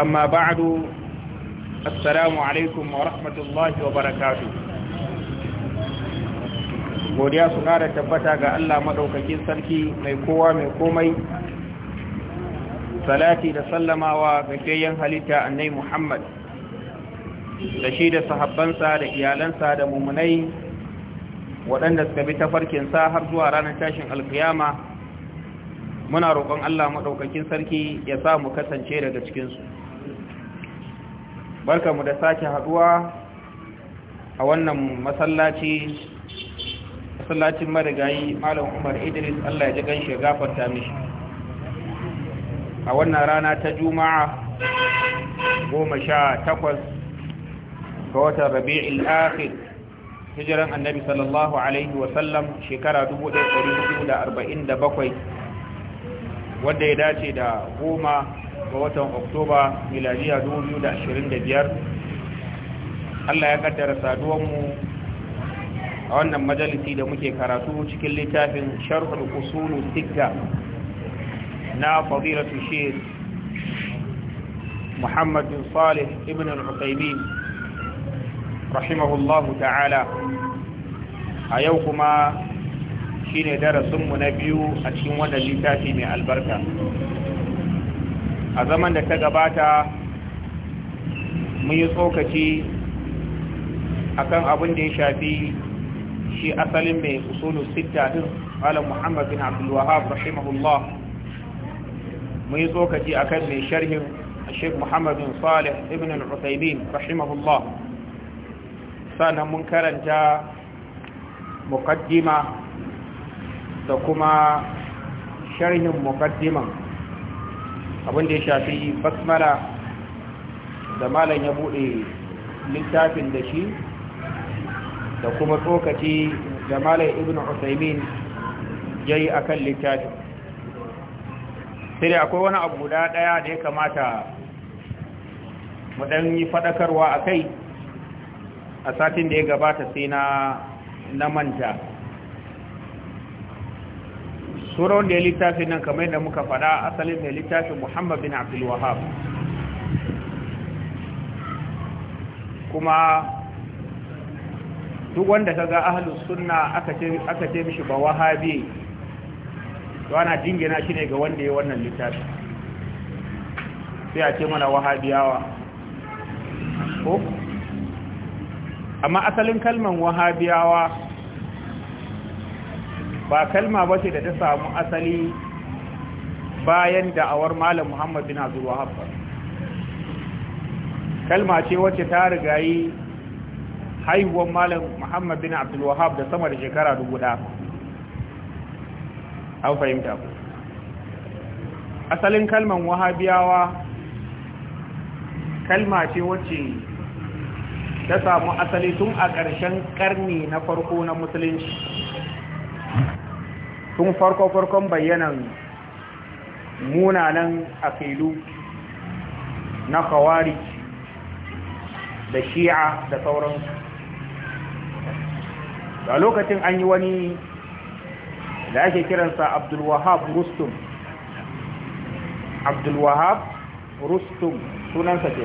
amma ba'adu assalamu alaikum wa rahmatullahi wa barakatu. godiya su kara tabbata ga Allah maɗaukakin sarki mai kowa mai komai salati da sallamawa ga kayan halitta annai Muhammad da shi da sahabbansa da iyalansa da mumunai waɗanda suka bi tafarkin sa har zuwa ranar tashin alkiyama muna roƙon Allah maɗaukakin sarki ya sa mu kasance daga cikinsu barkamu da sake haduwa a wannan masallaci masallacin marigayi malam umar idris allah ya ji ganshi ya gafarta mishi a wannan rana ta juma'a goma sha takwas ga watan rabi'il akhir hijiran annabi sallallahu alaihi wasallam shekara 1447 wadda ya dace da goma ga watan oktoba miladiya 2025 allah ya kaddara saduwanmu a wannan majalisi da muke karatu cikin littafin sharhul usulu sitta na fadilatu shir muhammad bin salih ibn al-usaimin rahimahullahu ta'ala a yau kuma shine darasinmu na biyu a cikin wannan littafi mai albarka a zaman da ta gabata mun yi tsokaci akan abin da ya shafi shi asalin mai usulun sita din malam muhammad bin abdul rahimahullah mun yi tsokaci akan mai sharhin sheikh muhammad bin salih ibn al-usaimin rahimahullah sannan mun karanta muqaddima da kuma sharhin muqaddiman abin da ya shafi basmala da malam ya buɗe littafin da shi da kuma tsokaci da malam ibn usaimin ya yi a kan littafin sai akwai wani abu guda ɗaya da ya kamata mu ɗan yi faɗakarwa a kai a satin da ya gabata sai na manta sura wanda ya littafi nan kamar da muka fada asalin da littafi muhammad bin abdul kuma duk wanda ka ga ahalus sunna aka ce mishi ba wahabi to ana jingina shi ne ga wanda ya wannan littafi, sai a ce mana wahabiyawa ko amma asalin kalman wahabiyawa ba kalma ba ce da ta samu asali bayan da'awar malam muhammad bin abdul wahab kalma ce wacce ta rigayi haihuwar malam muhammad bin abdul wahab da sama da shekara dubu da an fahimta ku asalin kalman wahabiyawa kalma ce wacce ta samu asali tun a ƙarshen ƙarni na farko na musulunci tun farko farkon bayyanan munanan akilu na kawari da shi'a da sauransu a lokacin an yi wani da ake kiransa abdulwahab rustum abdulwahab rustum sunansa ke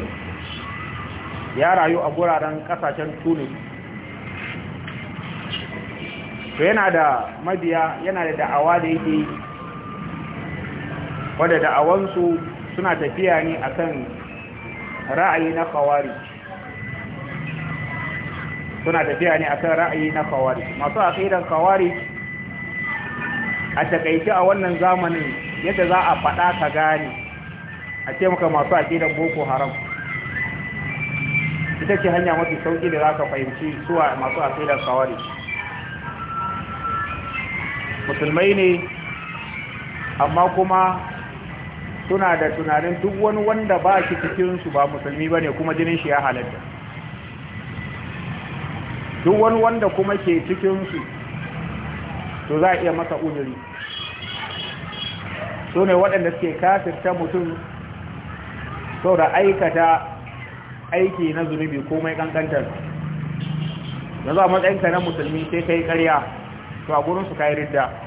ya rayu a guraren kasashen tunis to yana da mabiya yana da da'awa da yake wadda da'awansu suna tafiya ne akan ra'ayi na kawari suna tafiya ne akan ra'ayi na kawari masu aqidan kawari a takaice a wannan zamanin yadda za a faɗa ka gane a ce maka masu aqidan boko haram ita ce hanya mafi sauƙi da za ka fahimci suwa masu aqidan kawari musulmai ne amma kuma suna da tunanin duk wani wanda ba shi cikinsu ba musulmi ba ne kuma jinin shi ya halatta duk wani wanda kuma ke cikinsu to za a iya masa uzuri su ne waɗanda suke kafirta mutum sau da aikata aiki na zunubi komai kankantar yanzu a matsayinka na musulmi sai ka yi ƙarya to a gurinsu ka yi ridda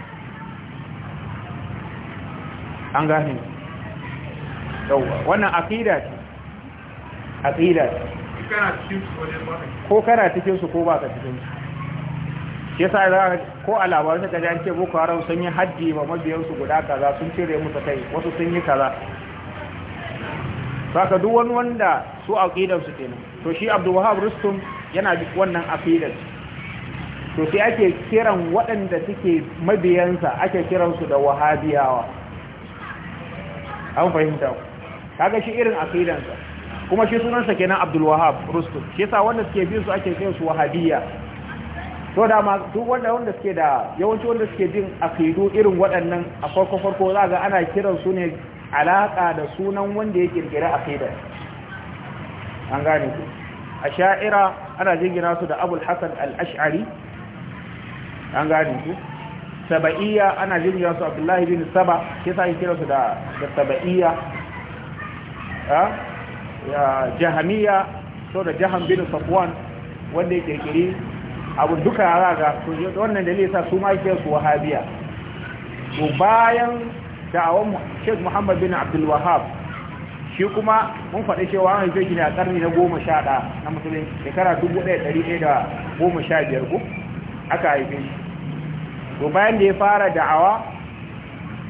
an gane Yau, wannan aqida ce aqida ce ko kana cikin su ko baka cikin su shi yasa za ko a labarin ka ji an ce boko haram sun yi haddi ma mabiyan su guda kaza sun cire musu kai wasu sun yi kaza saka duk wani wanda su aqidar su kenan to shi Abdul Wahhab Rustum yana bi wannan aqidar to sai ake kiran waɗanda suke mabiyansa ake kiransu da wahabiyawa an fahimta ku kaga shi irin akidansa kuma shi sunansa kenan Abdul Wahhab Rustum shi yasa wanda suke bin su ake su Wahabiyya to da ma duk wanda wanda suke da yawanci wanda suke bin akidu irin waɗannan a farko farko za ga ana kiran su ne alaka da sunan wanda ya kirkira akidar an gane ku a sha'ira ana jingina su da Abul Hasan Al-Ash'ari an gane ku saba'iyya ana jinjira su abdullahi bin saba ke sa kira su da saba'iyya jahamiyya so da jaham bin safwan wanda ya kirkiri abu duka yara ga wannan da nisa su ma ke su wahabiya to bayan da'awan sheikh muhammad bin abdul wahab shi kuma mun faɗi cewa an haife shi a ƙarni na goma sha ɗaya na musulunci shekara dubu ɗaya ɗari ɗaya da goma sha biyar ko aka haife shi to bayan da ya fara da'awa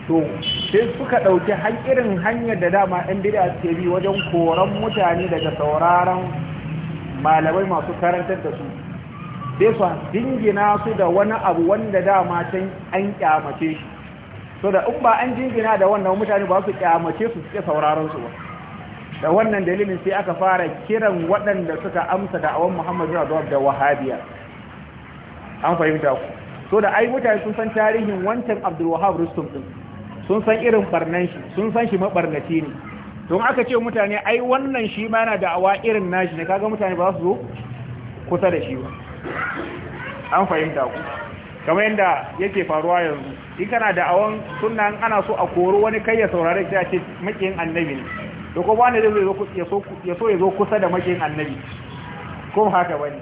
to sai suka ɗauki irin hanyar da dama ɗan bida ke bi wajen koran mutane daga sauraron malamai masu karantar da su sai su jingina su da wani abu wanda dama can an kyamace shi so da in ba an jingina da wannan mutane ba su kyamace su suke sauraron su ba da wannan dalilin sai aka fara kiran waɗanda suka amsa da'awan muhammadu da wahabiya an fahimta ku so da ai mutane sun san tarihin wancan Abdul Wahab Rustum din sun san irin barnan shi sun san shi mabarnaci ne don aka ce mutane ai wannan shi ma yana da'awa irin nashi ne kaga mutane ba su zo kusa da shi ba an fahimta ku kamar yadda yake faruwa yanzu in kana da'awan sunan ana so a koro wani kai ya saurare shi a ce makiyin annabi ne to ko ne zai zo ya so ya zo kusa da makiyin annabi ko haka bane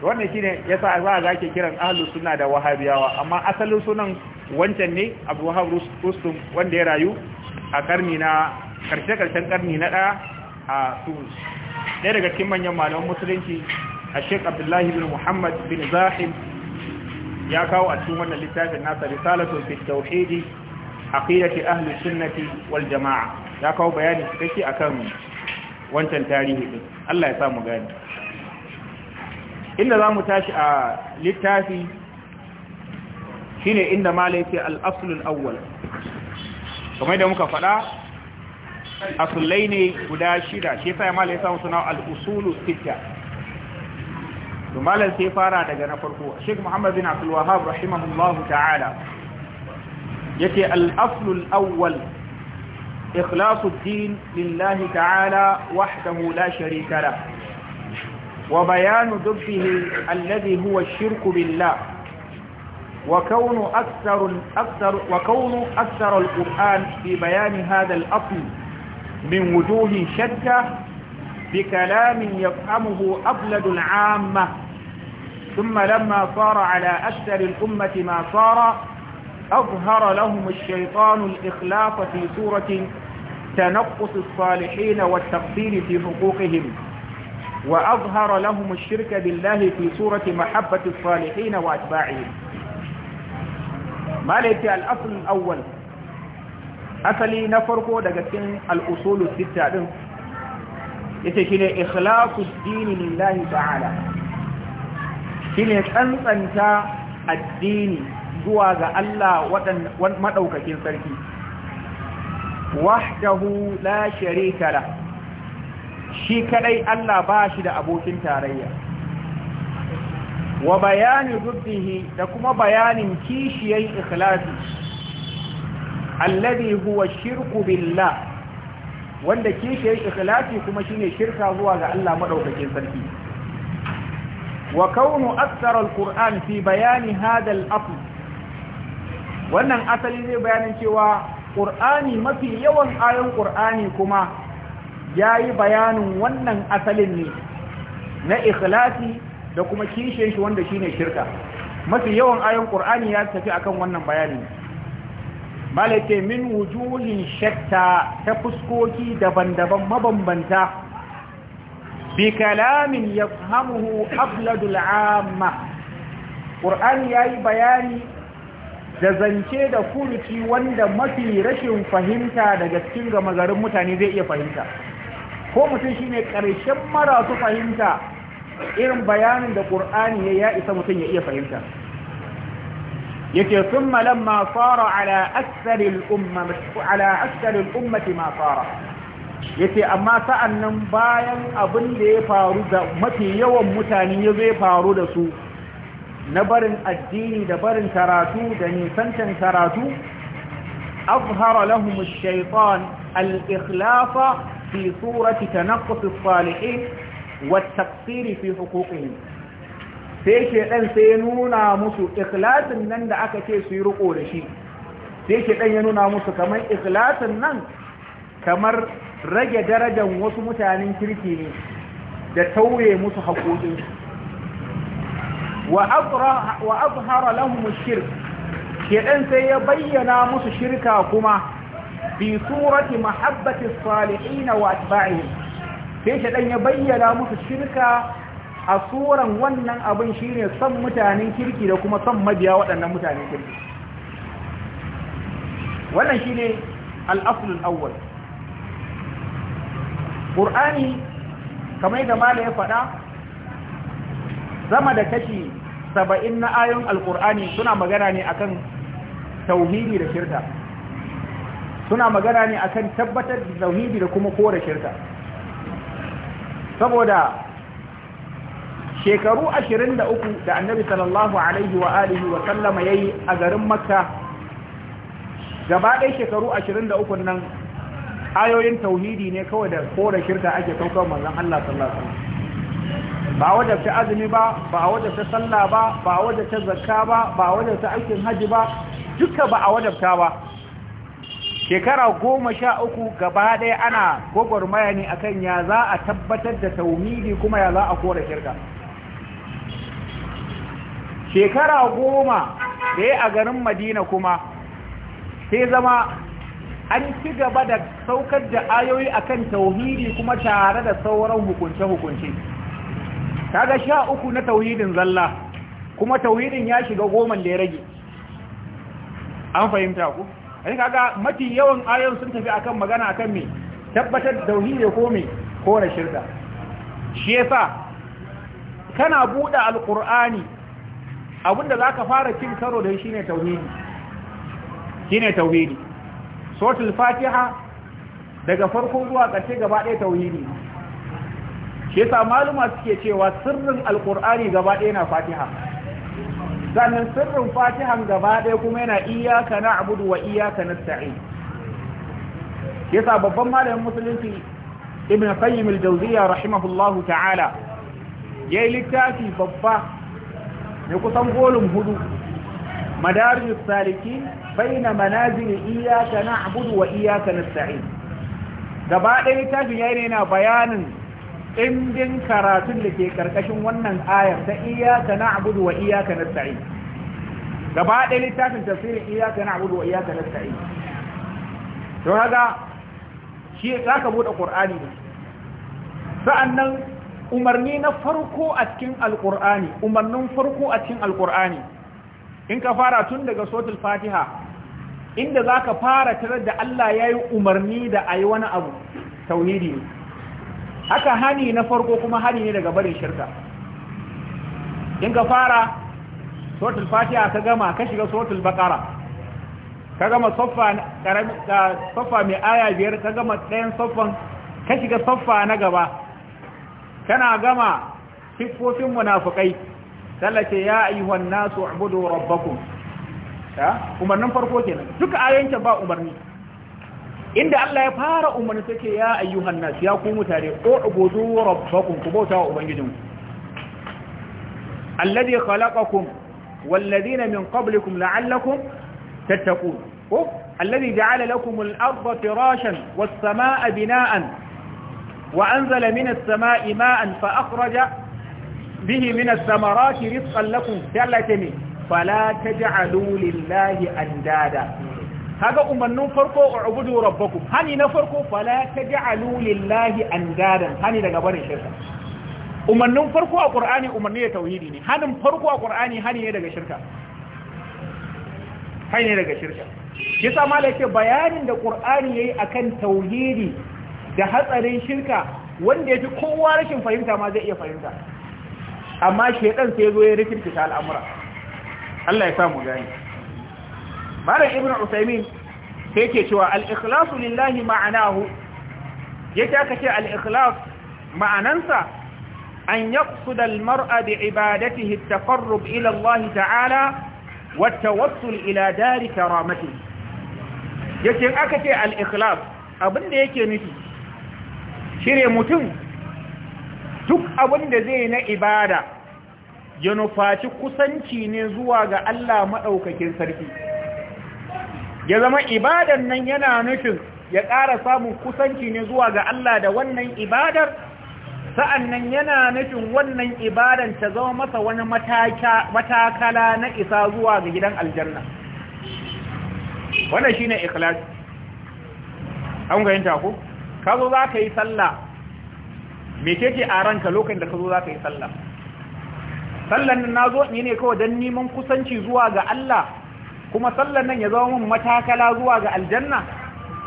wannan ya sa za a zaki kiran ahalus suna da wahabiyawa amma asalin sunan wancan ne Abu Wahab Rustum wanda ya rayu a karni na karshe karshen karni na ɗaya a Tunis ɗaya daga cikin manyan malaman musulunci a shek abdullahi bin Muhammad bin zahim ya kawo a cikin wannan littafin nasa risalatu fi tauhidi aqidati ahli sunnati wal jamaa ya kawo bayani cikakke akan wancan tarihi din Allah ya sa mu gani inda za mu tashi a littafi shine inda malai ce al'asulun awwal kamar da muka faɗa asulai ne guda shida shi sa malai samu suna al'usulu sita to malai sai fara daga na farko sheikh muhammad bin abdulwahab rahimahullahu ta'ala ya ce al'asulun awwal ikhlasuddin din lillahi ta'ala wahdahu la sharika lahu وبيان ذبحه الذي هو الشرك بالله وكون أكثر, أكثر, وكون أكثر القرآن في بيان هذا الأصل من وجوه شتى بكلام يفهمه أبلد العامة ثم لما صار على أكثر الأمة ما صار أظهر لهم الشيطان الإخلاف في سورة تنقص الصالحين والتقصير في حقوقهم وأظهر لهم الشرك بالله في صورة محبة الصالحين وأتباعهم ما ليت الأصل الأول أصلي نفرقه دقتين الأصول الستة يتشين إخلاص الدين لله تعالى شين تنسنت الدين جواز الله ومدوك كنسركي وحده لا شريك له shi kadai Allah ba shi da abokin tarayya wa bayani zubbihi da kuma bayanin kishiyar ikhlasi alladhi huwa shirku billah wanda kishiyar ikhlasi kuma shine shirka zuwa ga Allah madaukakin sarki wa kaunu akthar alquran fi bayani hadha al wannan asali zai bayanin cewa qur'ani mafi yawan ayoyin qur'ani kuma ya yi bayanin wannan asalin ne na ikhlasi da kuma kishin shi wanda shine shirka mafi yawan ayon Kur'ani ya tafi akan wannan bayani malake min wujuhin shakta ta fuskoki daban-daban mabambanta bi kalamin ya hamuhu abladul amma ƙur'ani ya yi bayani da zance da furuci wanda mafi rashin fahimta daga cikin gama garin mutane zai iya fahimta ko mutum shine karshen marasu fahimta irin bayanin da qur'ani ya isa mutum ya iya fahimta yake thumma lamma sara ala akthar al ala akthar ummati ma amma sa'annan bayan abin da ya faru da mafi yawan mutane ya zai faru da su na barin addini da barin karatu da nisantan karatu أظهر لهم الشيطان الإخلاص في صورة تنقص الصالحين والتقصير في حقوقهم سيشيطان سينونا مسو إخلاس النن دعك تيسو يرقو لشي سيشيطان ينونا مسو كمان إخلاس النن كمان رجى درجة وصو متعنين كريتيني دتوي مسو حقوقهم وأظهر لهم الشرك shedan sai ya bayyana musu shirka kuma bi surati mahabbati sali'ina wa atba'ihim sai shaɗan ya bayyana musu shirka a suran wannan abin shine son mutanen kirki da kuma son mabiya waɗannan mutanen kirki wannan shine al-asl al-awwal qur'ani kamar da malai ya faɗa sama da kashi saba'in na ayon alkur'ani suna magana ne akan tauhidi da shirka suna magana ne akan tabbatar da tauhidi da kuma kore shirka saboda shekaru 23 da annabi sallallahu alaihi wa alihi wa sallama yayi a garin makka gaba ɗaya shekaru 23 nan ayoyin tauhidi ne kawai da kore shirka ake saukar manzon Allah sallallahu alaihi wa ba wadda ta azumi ba ba wadda ta sallah ba ba wadda ta zakka ba ba wadda ta aikin haji ba duka ba a wajabta ba shekara goma sha uku gaba ɗaya ana gwagwarmaya ne akan ya za a tabbatar da tauhidi kuma ya za a kora shirka shekara goma da ya a garin madina kuma sai zama an ci gaba da saukar da ayoyi akan tauhidi kuma tare da sauran hukunce-hukunce kaga sha uku na tauhidin zalla kuma tauhidin ya shiga goman da ya rage an fahimta ku ai kaga mafi yawan ayoyin sun tafi akan magana akan me tabbatar da tauhidi ko me ko na shirka shi yasa kana buɗe alqur'ani abinda zaka fara cin karo da shine tauhidi shine tauhidi suratul fatiha daga farko zuwa ƙarshe gaba ɗaya tauhidi shi yasa maluma suke cewa sirrin alqur'ani gaba ɗaya na fatiha sannan sirrin fatihan gaba ɗaya kuma yana iyaka na abudu wa iyaka na sa'i yasa babban malamin musulunci ibn qayyim al-jawziyya rahimahullahu ta'ala yayi littafi babba ne kusan golum hudu madarijus saliki baina manazil iyaka abudu wa iyaka nasta'in gaba ɗaya littafin yayi ne yana bayanin ɗimbin karatun da ke ƙarƙashin wannan ayar ta iyaka na abudu wa iyaka na gaba ɗaya littafin tafsirin iyaka na abudu wa iyaka na to haga shi za ka buɗe ƙur'ani ne sa'annan umarni na farko a cikin alƙur'ani umarnin farko a cikin alƙur'ani in ka fara tun daga sotul fatiha inda za ka fara tare da allah ya yi umarni da a yi wani abu tauhidi ne haka hani na farko kuma hani ne daga barin shirka in ka fara suratul fatiha ka gama ka shiga suratul baqara ka gama saffa saffa mai aya biyar ka gama ɗayan saffan ka shiga saffa na gaba kana gama siffofin munafikai sallace ya ayyuhan nasu ubudu rabbakum umarnin farko kenan duka ayoyin ba umarni inda Allah ya fara umarni take ya ayyuhan nas ya ku mutare ubudu rabbakum ku bauta wa ubangijinku alladhi khalaqakum والذين من قبلكم لعلكم تتقون الذي جعل لكم الأرض فراشا والسماء بناء وأنزل من السماء ماء فأخرج به من الثمرات رزقا لكم ثلاثني فلا تجعلوا لله أندادا kaga umarnin farko a ubudu rabbakum hani na farko fala ta taj'alu lillahi andadan hani daga barin shirka umarnin farko a qur'ani umarni da tauhidi ne hanin farko a qur'ani hani ne daga shirka hani ne daga shirka yasa malaka bayanin da qur'ani yayi akan tauhidi da hatsarin shirka wanda yafi kowa rashin fahimta ma zai iya fahimta amma shedan sai zo ya rikirkita al'amura Allah ya sa samu gani malam ibn usaimin sai ke cewa al-ikhlasu lillahi ma'anahu yake aka ce al-ikhlas ma'anansa an yaqsuda al-mar'a bi ibadatihi at-taqarrub ila Allah ta'ala wa at-tawassul ila dari karamatihi yake aka ce al-ikhlas abinda yake nufi shire mutum duk abinda zai na ibada ya nufaci kusanci ne zuwa ga Allah madaukakin sarki ya zama ibadar nan yana nufin ya ƙara samun kusanci ne zuwa ga Allah da wannan ibadar Sa'an nan yana nufin wannan ibadar ta zama masa wani matakala na isa zuwa ga gidan aljanna wannan shi ne ikhlas an ga taku ka zo za ka yi sallah me a ranka lokacin da ka zo za ka yi sallah sallan nan na zo ne ne kawai don neman kusanci zuwa ga Allah kuma sallan nan ya zama mun matakala zuwa ga aljanna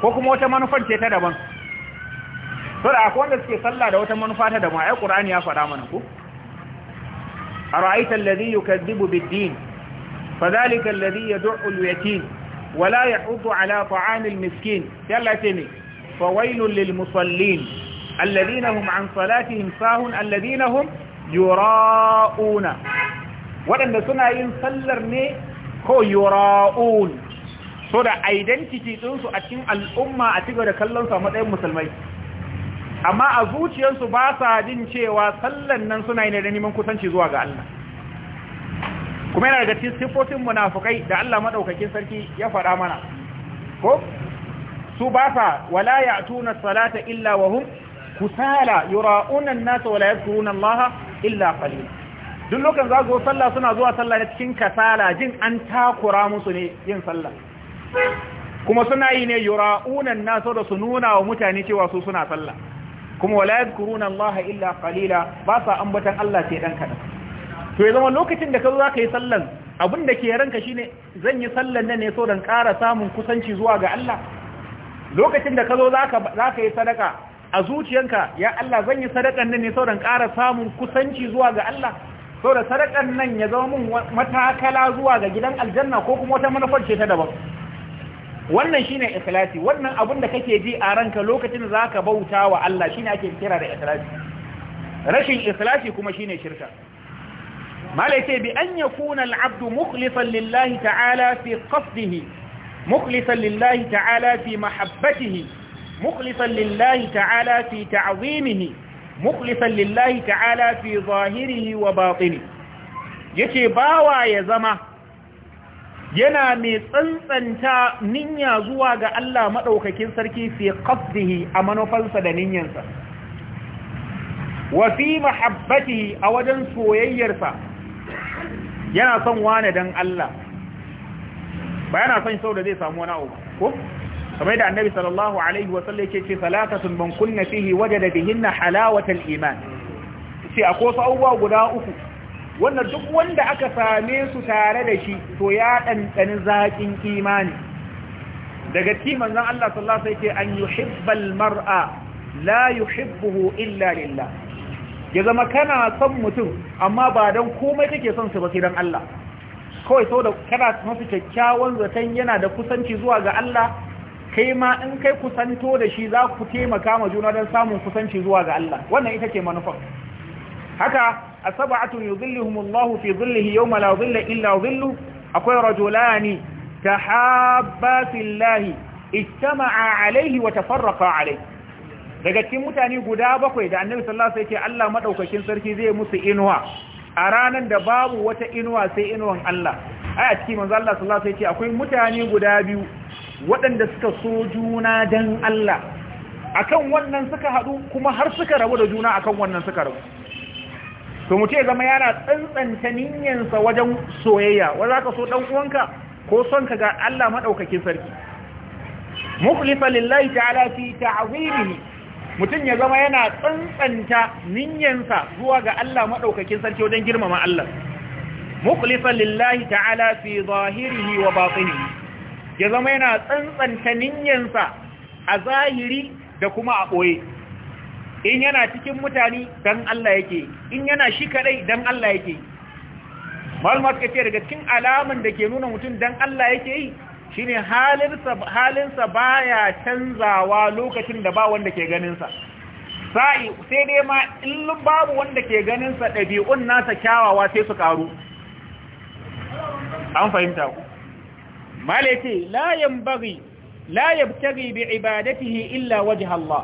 ko kuma wata manufa ce ta daban to da akwai wanda suke salla da wata manufa ta daban ai qur'ani ya fada mana ko ara'aita alladhi yukadhibu bid-din fadhalika alladhi yad'u al-yatim wa la yahuddu ala ta'am al-miskin yalla tani fawailul lil musallin alladhina hum an salatihim sahun alladhina hum yura'una wadanda suna yin sallar ne ko yura'un so da identity ɗinsu a cikin al'umma a cigaba da kallon su a matsayin musulmai amma a zuciyarsu ba sa jin cewa sallan nan suna yin da neman kusanci zuwa ga Allah kuma yana daga cikin sifofin munafukai da Allah madaukakin sarki ya faɗa mana ko su ba sa wala ya'tuna salata illa wa hum kusala yura'una an-nasa wala yadhkuruna Allah illa qalila duk lokacin za su sallah suna zuwa sallah ne cikin kasala jin an takura musu ne yin sallah kuma suna yi ne yura'unan nasu da su nuna wa mutane cewa su suna sallah kuma wala yadhkuruna Allah illa qalila ba sa ambatan Allah ce dan kadan to ya zama lokacin da ka zo zaka yi sallan abin da ke ranka shine zan yi sallan nan ne so dan ƙara samun kusanci zuwa ga Allah lokacin da ka zo zaka zaka yi sadaka a zuciyanka ya Allah zan yi sadakan nan ne so dan ƙara samun kusanci zuwa ga Allah so da sadakan nan ya zama mun matakala zuwa ga gidan aljanna ko kuma wata manufar ce ta daban wannan shine ikhlasi wannan abin da kake ji a ranka lokacin zaka bauta wa Allah shine ake kira da ikhlasi rashin ikhlasi kuma shine shirka malai sai bi an yakuna al-abdu mukhlisan lillahi ta'ala fi qasdihi lillahi ta'ala fi mahabbatihi mukhlisan lillahi ta'ala fi ta'zimihi mukhlisan lillahi ta'ala fi zahirihi wa batini yace bawa ya zama yana mai tsantsanta ninya zuwa ga Allah madaukakin sarki fi qasdihi a manufansa da ninyansa wa fi mahabbatihi a wajen soyayyarsa yana son wane dan Allah ba yana son shi da zai samu wani abu ko kamar da annabi sallallahu alaihi wa yake ce salatatun man kunna fihi wajada bihinna halawatal iman sai akwai abubuwa guda uku wannan duk wanda aka same su tare da shi to ya dandani zaƙin imani daga cikin manzon Allah sallallahu alaihi wasallam an yuhibbal mar'a la yuhibbuhu illa lillah ya zama kana son mutum amma ba dan komai kake son su ba sai dan Allah kawai so da kana masa kyakkyawan zaton yana da kusanci zuwa ga Allah kai ma in kai kusanto da shi za ku taimaka ma juna don samun kusanci zuwa ga Allah wannan ita ce manufar haka asaba'atun yuzillihumullahu fi zillihi yawma la zilla illa zillu akwai rajulani tahabba fillahi ijtama'a alaihi wa tafarraqa alayhi!" daga cikin mutane guda bakwai da annabi sallallahu alaihi wasallam Allah madaukakin sarki zai musu inuwa a ranan da babu wata inuwa sai inuwan Allah ai a cikin manzo Allah sallallahu alaihi wasallam akwai mutane guda biyu waɗanda suka so juna dan Allah akan wannan suka haɗu kuma har suka rabu da juna akan wannan suka rabu to mutum ya zama yana tsantsanta niyyansa wajen soyayya wa za so uwanka ko son ka ga Allah maɗaukakin sarki mukhlifa lillahi ta'ala fi ta'zimihi mutum ya zama yana tsantsanta niyyarsa zuwa ga Allah maɗaukakin sarki wajen girmama Allah mukhlifa lillahi ta'ala fi zahirihi wa batinihi ya zama yana tsantsanta ninyansa a zahiri da kuma a ɓoye in yana cikin mutane don Allah yake in yana shi kaɗai don Allah yake malmar ka ce daga cikin alamun da ke nuna mutum don Allah yake yi shi ne halinsa ya canzawa lokacin da ba wanda ke ganinsa sai dai ma in babu wanda ke ganinsa ɗabi'un nasa kyawawa sai su ƙaru an fahimta ku malete layan bari la yabtaghi bi ibadatihi illa waje Allah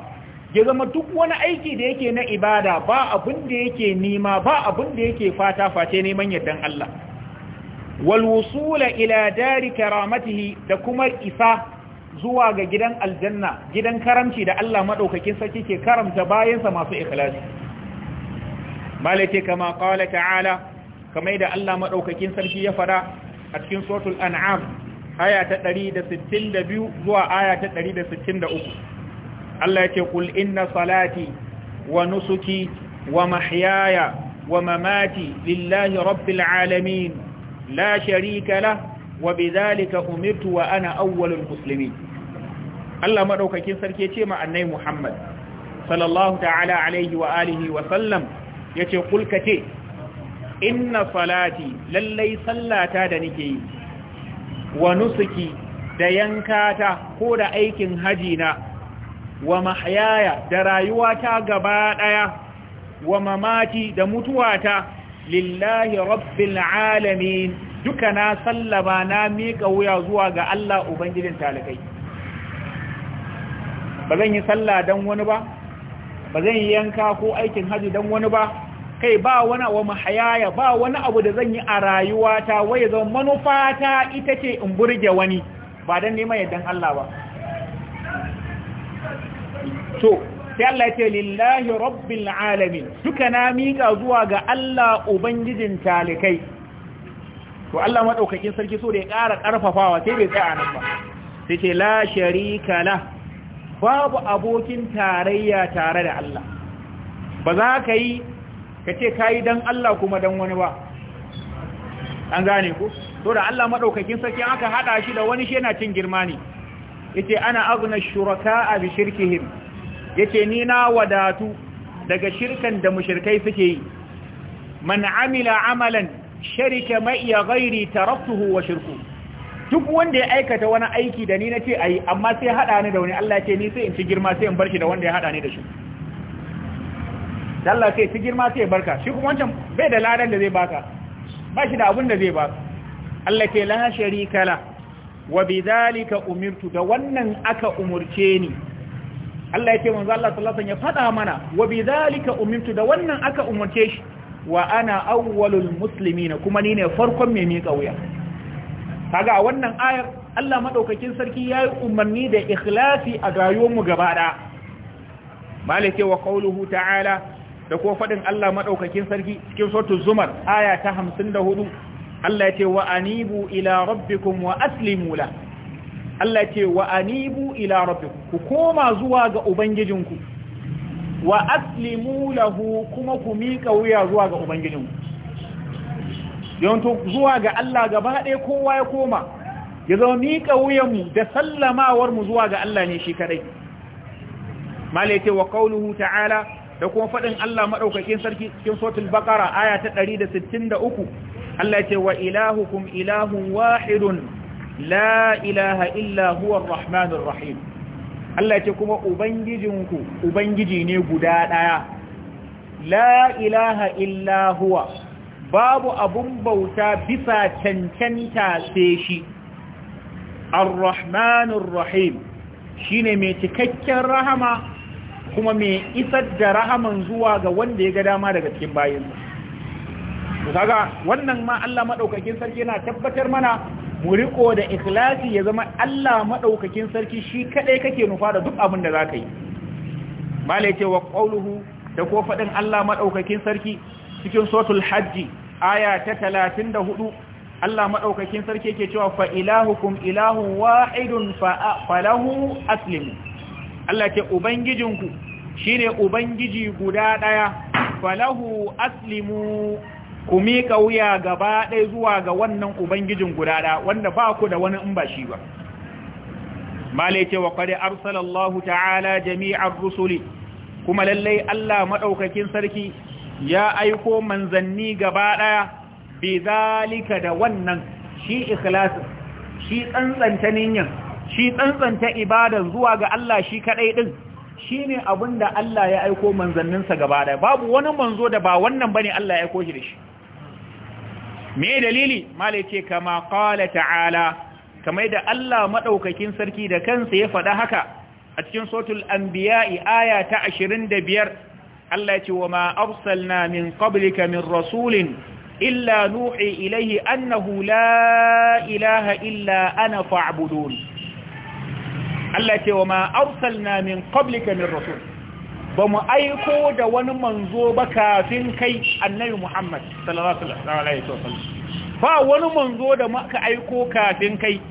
ya zama duk wani aiki da yake na ibada ba abin da yake nima ba abin da yake fata face neman yardan Allah walwusula ila dari karamatihi da kuma isa zuwa ga gidan aljanna gidan karamci da Allah maɗaukakin sarki ke karamta bayansa masu ikhlasi malaka kama qala ta'ala kamar da Allah maɗaukakin sarki ya faɗa a cikin suratul an'am aya ta 162 zuwa aya ta 163 Allah ce kul inna salati wa nusuki wa mahyaya wa mamati lillahi rabbil alamin la sharika la wa bidhalika umirtu wa ana awwalul muslimin Allah madaukakin sarki yace ma annai Muhammad sallallahu ta'ala Alayhi wa alihi wa sallam yace kul kace inna salati lallai sallata da nake yi wa nusuki da yankata ko da aikin haji na wa mahayaya da rayuwata gaba daya wa mamati da mutuwata lillahi rabbil alamin duka na sallama na miƙa wuya zuwa ga Allah ubangijin talakai. ba zan yi sallah dan wani ba ba zan yi yanka ko aikin haji dan wani ba kai ba wani wa mahayaya ba wani abu da zan yi a rayuwata wai zan manufata ita ce in burge wani ba don neman yaddan Allah ba to sai Allah ya ce lillahi rabbil alamin duka na mika zuwa ga Allah ubangijin talikai to Allah madaukakin sarki so da ya ƙara ƙarfafawa sai bai tsaya nan ba sai ce la sharika la babu abokin tarayya tare da Allah ba za ka yi ka ce ka yi Allah kuma dan wani ba an gane ku to da Allah maɗaukakin sarki aka haɗa shi da wani shi yana cin girma ne ya ce ana agna shuraka a bi shirkihim ya ce ni na wadatu daga shirkan da shirkai suke yi man amila amalan mai ya gairi taraftuhu wa shirku duk wanda ya aikata wani aiki da ni na ce a yi amma sai haɗa ni da wani Allah ce ni sai in ci girma sai in bar shi da wanda ya haɗa ni da shi da Allah sai fi girma sai barka shi kuma wancan bai da ladan da zai baka ba shi da abun da zai baka Allah ke la sharika la wa bidhalika umirtu da wannan aka umurce ni Allah yake manzo Allah sallallahu alaihi wasallam ya fada mana wa bidhalika umirtu da wannan aka umurce shi wa ana awwalul muslimina kuma ni ne farkon mai miƙa wuya kaga a wannan ayar Allah madaukakin sarki yayi umarni da ikhlasi a rayuwar mu gaba da malike wa qawluhu ta'ala da ko faɗin Allah maɗaukakin sarki cikin sautu zumar aya ta hamsin da hudu Allah ya ce wa anibu ila rabbikum wa aslimu la Allah ce wa anibu ila rabbikum ku koma zuwa ga ubangijinku wa aslimu lahu kuma ku miƙa wuya zuwa ga ubangijinku yawanto zuwa ga Allah gaba ɗaya kowa ya koma ya zama miƙa wuyanmu da sallamawarmu zuwa ga Allah ne shi kaɗai. kadai ce wa qauluhu ta'ala da kuma faɗin Allah maɗaukakin sarki cikin sotul bakara aya ta 163 Allah ce wa ilahukum ilahun wahidun la ilaha illa huwa rahmanur rahim Allah ce kuma ubangijinku ubangiji ne guda ɗaya la ilaha illa huwa babu abun bauta bisa cancanta sai shi ar-rahmanur rahim shine mai cikakken rahama kuma mai isar da rahaman zuwa ga wanda ya ga dama daga cikin bayansa Ku kaga wannan ma Allah madaukakin sarki yana tabbatar mana mu riko da ikhlasi ya zama Allah maɗaukakin sarki shi kaɗai kake nufa da duk abin da ka yi malai ce wa qauluhu da ko fadin Allah maɗaukakin sarki cikin suratul hajji aya ta talatin da 34 Allah maɗaukakin sarki yake cewa fa ilahukum ilahun wa'idun falahu aslimu Allah ce ubangijinku shine ubangiji guda ɗaya. falahu aslimu ku miƙa wuya gaba ɗaya zuwa ga wannan ubangijin guda ɗaya wanda ba ku da wani in ba shi ba malai ce wa kwade arsalallahu ta'ala jami'ar rusuli kuma lallai Allah maɗaukakin sarki ya aiko manzanni gaba ɗaya bi zalika da wannan shi ikhlasin shi tsantsanta yin. shi tsantsanta ibadan zuwa ga Allah shi kadai din shine abin da Allah ya aiko manzanninsa gaba babu wani manzo da ba wannan bane Allah ya aiko shi da shi me dalili malai ce kama qala ta'ala kamar da Allah madaukakin sarki da kansa ya faɗa haka a cikin suratul anbiya'i aya ta 25 Allah ya ce wa ma arsalna min qablika min rasulin illa nuhi ilayhi annahu la ilaha illa ana fa'budun Allah ce wa ma arsalna min qablika min rasul ba mu aiko da wani manzo ba kafin kai annabi Muhammad sallallahu alaihi wasallam fa wani manzo da muka aiko kafin kai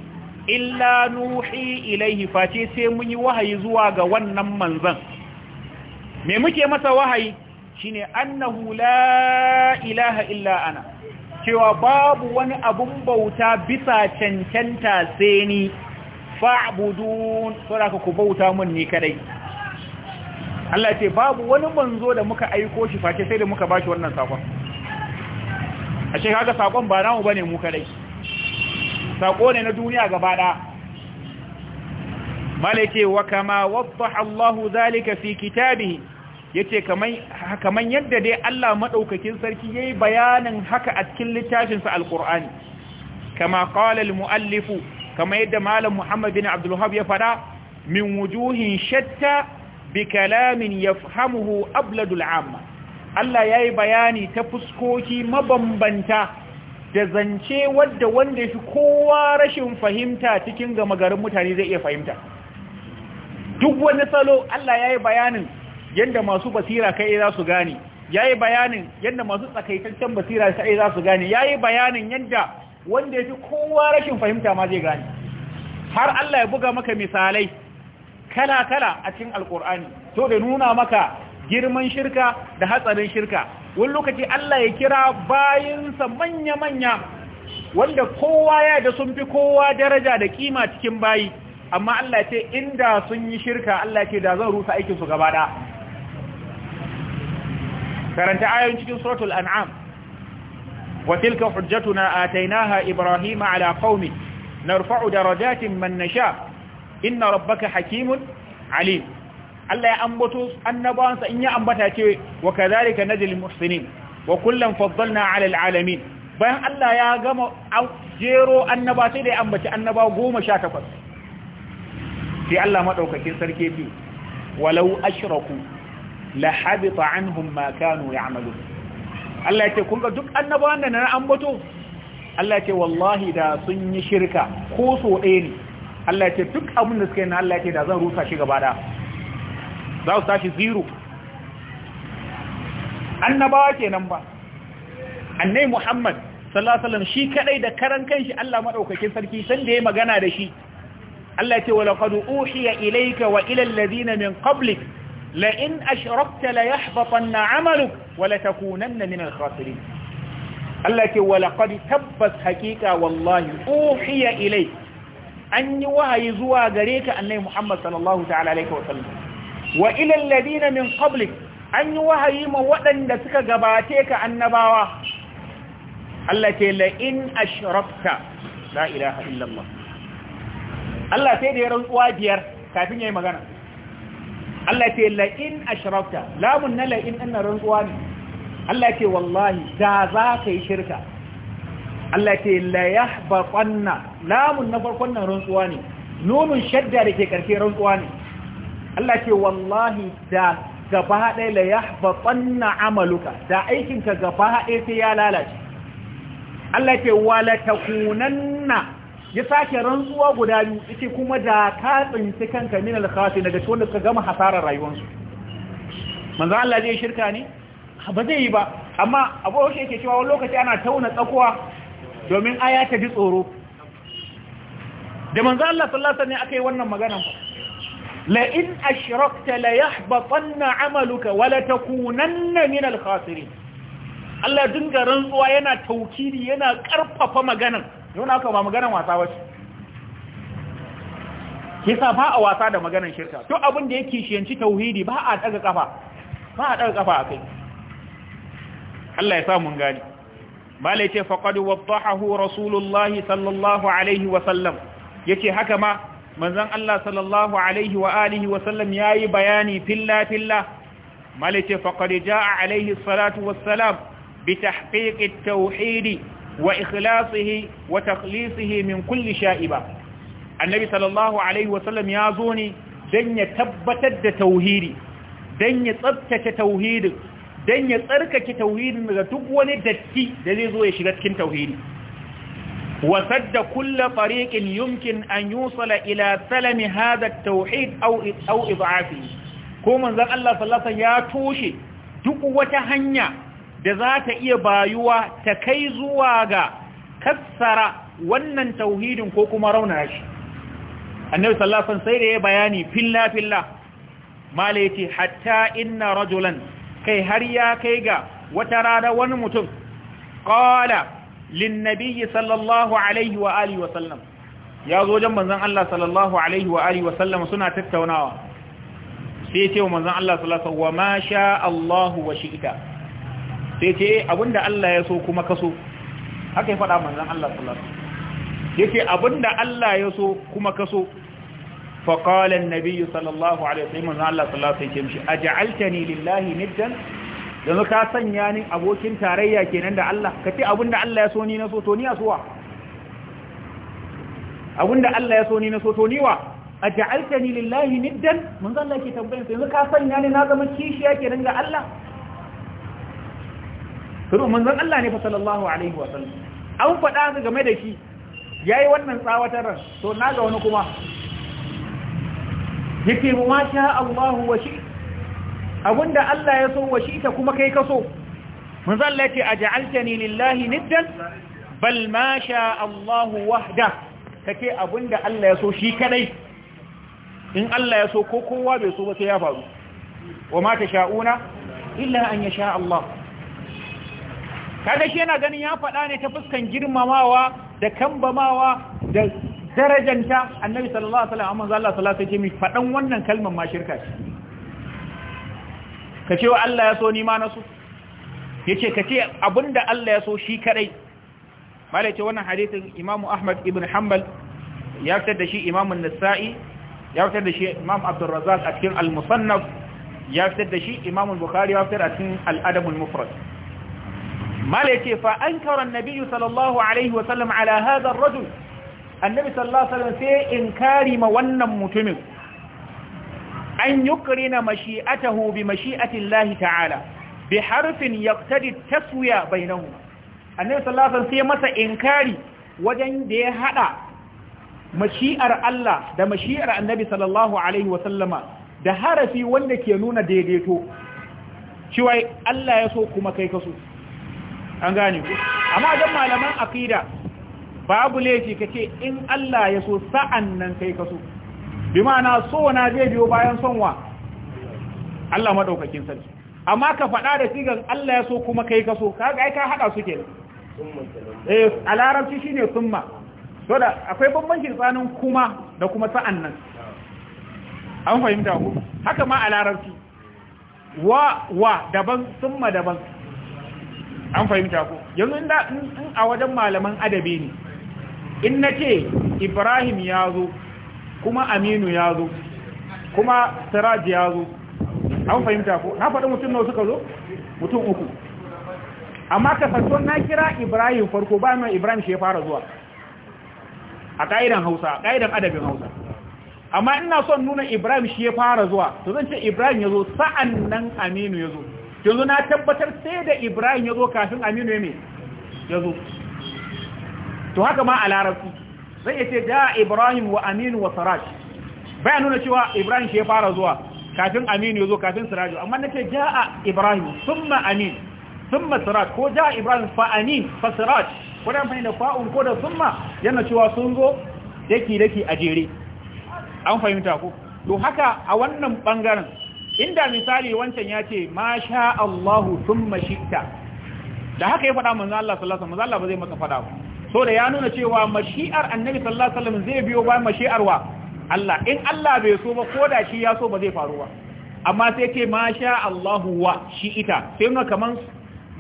illa nuhi ilaihi face sai mun yi wahayi zuwa ga wannan manzon me muke masa wahayi shine annahu la ilaha illa ana cewa babu wani abun bauta bisa cancanta sai ni fa'budun saboda ku bauta mun ni kadai Allah ce babu wani manzo da muka aiko shi face sai da muka bashi wannan sakon ashe kaga sakon ba namu bane mu kadai sako ne na duniya gaba da malike wa kama waddaha Allah zalika fi kitabihi yace kaman kaman yadda dai Allah madaukakin sarki yayi bayanin haka a cikin littafin sa alqur'ani kama qala almuallifu kamar yadda malam Muhammad bin Abdul ya fada min wujuhin shatta bi kalamin yafhamuhu abladul amma Allah yayi bayani ta fuskoki mabambanta da zance wadda wanda yafi kowa rashin fahimta cikin gama garin mutane zai iya fahimta duk wani salo Allah yayi bayanin yadda masu basira kai za su gane yayi bayanin yadda masu tsakaitaccen basira sai za su gane yayi bayanin yadda wanda ya fi kowa rashin fahimta ma zai gane har Allah ya buga maka misalai kala-kala a cikin alkur'ani to da nuna maka girman shirka da hatsarin shirka wani lokaci Allah ya kira bayinsa manya-manya wanda kowa ya da sun fi kowa daraja da kima cikin bayi amma Allah ce inda sun yi shirka Allah ce da zan rusa aikinsu gaba da karanta ayon cikin suratul an'am وتلك حجتنا آتيناها إبراهيم على قومه نرفع درجات من نشاء إن ربك حكيم عليم الله يأنبتوا النبوانس إن يأنبتها وكذلك نجل المحسنين وكلا فضلنا على العالمين bayan Allah ya gama jero annaba sai da ya ambaci annaba goma sha takwas sai Allah maɗaukakin sarki ce walau ashraku la habita anhum ma kanu ya'malun Allah ya ce kun ga duk annabawan da na ambato Allah ya ce wallahi da sun yi shirka ko so ɗaya ne Allah ya ce duk abin da suka yi na Allah ya ce da zan rusa shi gaba da za su tashi zero annabawa kenan ba annai Muhammad sallallahu shi kadai da karan kanshi Allah madaukakin sarki san da ya magana da shi Allah ya ce wa laqad uhiya ilayka wa ila alladhina min qablik la'in ashrakta la yahbatanna 'amaluk wa la takunanna min al-khasirin Allah ke walaqad tabbas haqiqa wallahi uhiya ilay an yi wahayi zuwa gare ka annabi Muhammad sallallahu alaihi wa sallam wa an yi wahayi ma waɗanda suka gabate ka annabawa Allah ce la'in ashrakta la ilaha illallah Allah sai da ya rantsuwa biyar kafin yayi magana Allah ce la'in ashrafta lamun na la'in ina rantsuwa ne Allah ce wallahi da za ka yi shirka Allah ce la yahbaqanna lamun na farkon nan rantsuwa ne nunun shadda da ke karke rantsuwa ne Allah ce wallahi da gaba ɗaya la yahbaqanna amaluka da aikin ka gaba ɗaya sai ya lalace Allah ce wala takunanna ya sake rantsuwa guda biyu ita kuma da ka tsinci kanka min al-khasi daga wanda ka gama hasarar rayuwarsu manzo Allah zai shirka ne ba zai yi ba amma abu hausa yake cewa wani lokaci ana tauna tsakuwa domin aya ta ji tsoro da manzo Allah sallallahu alaihi wasallam yi wannan magana la in ashrakta la yahbatanna amaluka wa la takunanna min al-khasirin Allah dinga rantsuwa yana taukiri yana karfafa maganar don haka ba maganan wasa wace kisa ba a wasa da maganan shirka duk abin da ya kishiyanci tauhidi ba a daga kafa ba a daga kafa akai Allah ya sa mun gani mala yace faqad wadahahu rasulullah sallallahu alaihi wa sallam yace haka ma manzon Allah sallallahu alaihi wa alihi wa sallam yayi bayani filla filla mala yace faqad jaa alaihi salatu wassalam bi tahqiq at Tauhidi. wa ikhlasihi wa takhlisihi min kulli sha'iba annabi sallallahu ya zo ne dan ya tabbatar da tauhidi dan ya tsabtace tauhidin dan ya tsarkake tauhidin daga duk wani datti da zai zo ya shiga cikin tauhidi wa sadda kulla tariqin yumkin an yusala ila salami hadha tauhid aw aw id'afihi ko manzon Allah sallallahu alaihi ya tushe duk wata hanya da za ta iya bayuwa ta kai zuwa ga katsara wannan tauhidin ko kuma rauna shi annabi sallafan sai da ya bayani filla-filla mala ya ce hatta inna rajulan kai har ya kai ga wata rana wani mutum ƙala linnabiyyi sallallahu alaihi wa alihi wasallam ya zo jan manzan Allah sallallahu alaihi wa alihi wasallam suna tattaunawa sai ce wa manzan Allah sallallahu wa ma sha Allahu wa shi'ita sai ce eh, abinda Allah ya so kuma kaso haka ya faɗa manzon Allah sallallahu alaihi wasallam yace abinda Allah ya so kuma kaso fa qala an-nabi sallallahu alaihi wasallam Allah sallallahu alaihi wasallam aj'altani lillahi niddan yanzu ka sanya ni abokin tarayya kenan da Allah ka ce abinda Allah ya so ni na so to ni asuwa abinda Allah ya so ni na so to ni wa aj'altani lillahi niddan manzon Allah ke tambayin sai yanzu ka sanya ni na zama kishiya kenan ga Allah suru manzon Allah ne fa sallallahu alaihi wa sallam an faɗa game da shi yayi wannan tsawatar to na ga wani kuma yake mu masha Allah wa shi abinda Allah ya so wa shi ta kuma kai ka so manzo Allah yake aj'altani lillahi niddan bal ma sha Allahu wahda kake abunda Allah ya so shi kadai in Allah ya so ko kowa bai so ba sai ya faru wa ma sha'una illa an yasha Allah kaga shi yana ganin ya faɗa ne ta fuskan girmamawa da kambamawa da darajanta annabi sallallahu alaihi wasallam amma Allah sallallahu alaihi wasallam faɗan wannan kalmar ma shirka ce ka ce wa Allah ya so ni ma na so yace ka ce abinda Allah ya so shi kadai malai ce wannan hadisin Imam Ahmad ibn Hanbal ya fitar da shi Imam An-Nasa'i ya fitar da shi Imam Abdul Razzaq a cikin Al-Musannaf ya fitar da shi Imam Bukhari ya fitar a cikin Al-Adab Al-Mufrad mala yace fa ankara annabi sallallahu alaihi wa sallam ala hadha ar-rajul annabi sallallahu alaihi wa sallam sai inkari ma wannan mutumin an yukrina mashi'atahu bi mashi'ati ta'ala bi harfin yaqtadi taswiya bainahuma annabi sallallahu alaihi wa masa inkari wajen da ya hada mashi'ar Allah da mashi'ar annabi sallallahu alaihi wa sallama da harafi wanda ke nuna daidaito cewa Allah ya so kuma kai kaso an gane ku amma don malaman aqida babu laifi kace in Allah ya so sa'an nan kai ka so bi ma'ana so na zai biyo bayan sonwa Allah madaukakin sarki amma ka faɗa da sigan Allah ya so kuma kai ka so kaga ai ka hada su ke eh a larabci shine summa so da akwai bambanci tsanin kuma da kuma sa'an nan an fahimta ku haka ma a larabci wa wa daban summa daban an fahimta ko yanzu in a wajen malaman adabi ne in na ce ibrahim ya zo kuma aminu ya zo kuma siraji ya zo an fahimta ko na faɗi mutum na suka zo mutum uku amma kasantuwan na kira ibrahim farko ba mai ibrahim shi ya fara zuwa a ƙa'idan hausa ƙa'idan adabin hausa amma ina son nuna ibrahim shi ya fara zuwa to zan ce ibrahim ya zo sa'an nan aminu ya zo yanzu na tabbatar sai da ibrahim ya zo kafin aminu ya ya zo to haka ma a larabci zai iya ce da ibrahim wa aminu wa saraj bayan nuna cewa ibrahim shi ya fara zuwa kafin aminu ya zo kafin saraj amma na ce ja a ibrahim sun ma amin sun ma saraj ko ja ibrahim fa amin fa saraj ko da amfani da fa'un ko da sun yana cewa sun zo daki daki a jere an fahimta ku to haka a wannan bangaren inda misali wancan ya ce ma sha Allahu thumma shi'ta da haka ya faɗa manzo Allah sallallahu alaihi wasallam ba zai masa faɗa ba so da ya nuna cewa mashi'ar annabi sallallahu alaihi wasallam zai biyo bayan mashi'ar wa Allah in Allah bai so ba ko da shi ya so ba zai faru ba amma sai ce ma sha Allahu wa shi ita sai nuna kaman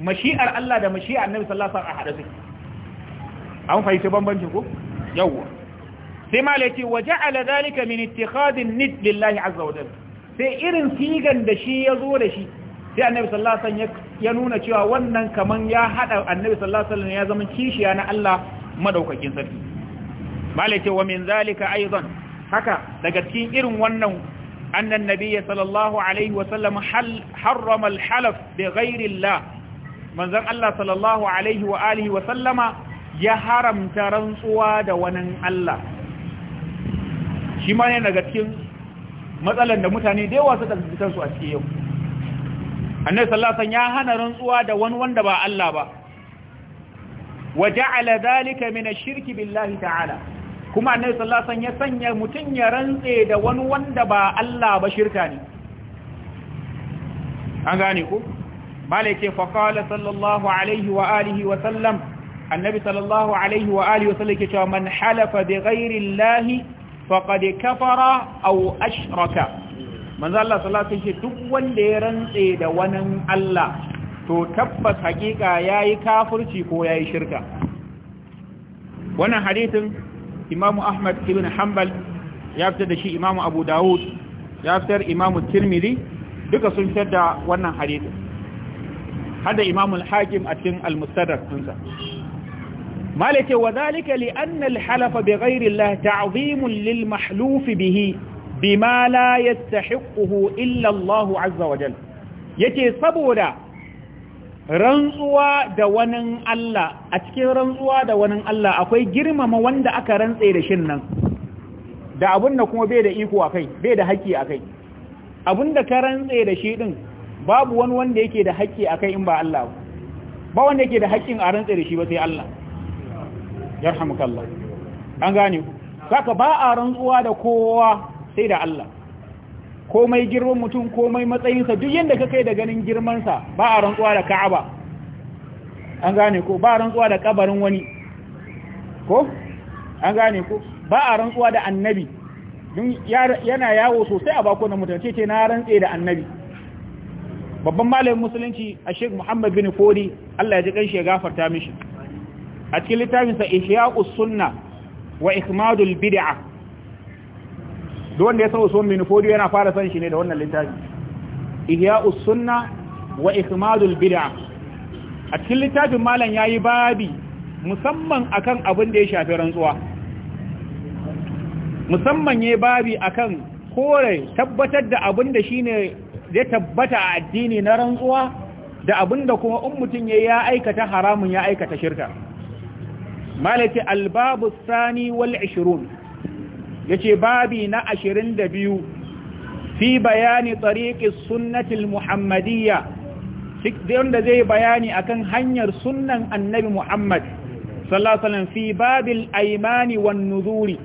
mashi'ar Allah da mashi'ar annabi sallallahu alaihi wasallam a hada suke an fahimci bambancin ko yawwa sai ma lati waja'ala dhalika min ittikhadin nid lillahi azza wa jalla sai irin sigan da shi ya zo da shi sai annabi sallallahu alaihi wasallam ya nuna cewa wannan kaman ya hada annabi sallallahu alaihi wasallam ya zama kishiya na Allah madaukakin sarki malai wa min zalika aidan haka daga cikin irin wannan annan nabiyyi sallallahu alaihi wasallam harrama al-halaf bi ghairi Allah manzon Allah sallallahu alaihi wa alihi wasallama ya haramta rantsuwa da wani Allah shi ma ne daga cikin matsalan da mutane da yawa suka fitar su a cikin yau annabi sallallahu alaihi wasallam ya hana rantsuwa da wani wanda ba Allah ba Wa waja'ala dhalika min ash-shirki billahi ta'ala kuma annabi sallallahu alaihi wasallam ya sanya mutun ya rantse da wani wanda ba Allah ba shirka ne an gane ku malike fa qala sallallahu alaihi wa alihi wa sallam annabi sallallahu alaihi wa alihi wa sallam ke cewa man halafa bi ghairi allahi faqad kafara aw ashraka manzo Allah sallallahu alaihi wasallam duk wanda ya rantse da wani Allah to tabbas hakika yayi kafirci ko yayi shirka wannan hadithin Imam Ahmad ibn Hanbal ya fitar da shi Imam Abu Dawud ya fitar Imam Tirmidhi duka sun fitar da wannan hadithin hada Imam Al-Hakim a cikin Al-Mustadrak sunsa malaka wa zalika li anna al-halafa bi ghayri Allah ta'zimun lil mahluf bihi bima la yastahiquhu illa Allahu azza wa jalla yace saboda rantsuwa da wani Allah a cikin rantsuwa da wani Allah akwai girmama wanda aka rantse da shin nan da abun da kuma bai da iko akai bai da haƙƙi akai abun da ka rantse da shi din babu wani wanda yake da haƙƙi akai in ba Allah ba wanda yake da haƙƙin a rantse da shi ba sai Allah Allah an gane ku saka ba a rantsuwa da kowa sai da Allah komai girman mutum komai matsayin sa duk yadda ka kai da ganin girmansa ba a rantsuwa da ka'aba an gane ko ba a rantsuwa da kabarin wani ko an gane ko ba a rantsuwa da annabi dun yana yawo sosai a bakunan mutane ce ce na rantse da annabi babban malamin musulunci a sheikh muhammad bin Fodi allah ya ji kanshi ya gafarta mishi a cikin littafinsa ihya'us sunna wa ikmadul bid'a duk wanda ya san usman bin fodi yana fara san shi ne da wannan littafi ihya'us sunna wa ikmadul bid'a a cikin littafin malam yayi babi musamman akan abin da ya shafi rantsuwa musamman yayi babi akan kore tabbatar da abin da shine zai tabbata a addini na rantsuwa da abin da kuma in mutum ya aikata haramun ya aikata shirka malaki albabu sani wal 20 yace babi na 22 fi bayani tariqis sunnatil muhammadiyya wanda zai bayani akan hanyar sunnan annabi muhammad sallallahu alaihi wasallam fi babil aymani wan nuzuri